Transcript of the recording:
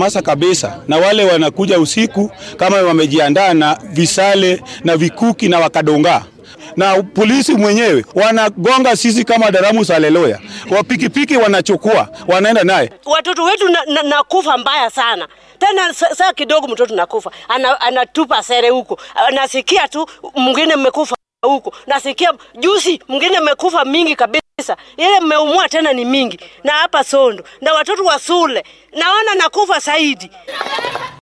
Masa kabisa na wale wanakuja usiku kama wamejiandaa na visale na vikuki na wakadongaa na polisi mwenyewe wanagonga sisi kama Daramus. Haleluya! Wapikipiki wanachukua wanaenda naye watoto wetu nakufa na, na mbaya sana tena. Saa kidogo mtoto nakufa anatupa ana sere huko, nasikia tu mwingine mmekufa huko, nasikia juzi mwingine mmekufa mingi kabisa kabisa ile mmeumua tena ni mingi, na hapa Sondo na watoto wasule, naona nakufa zaidi.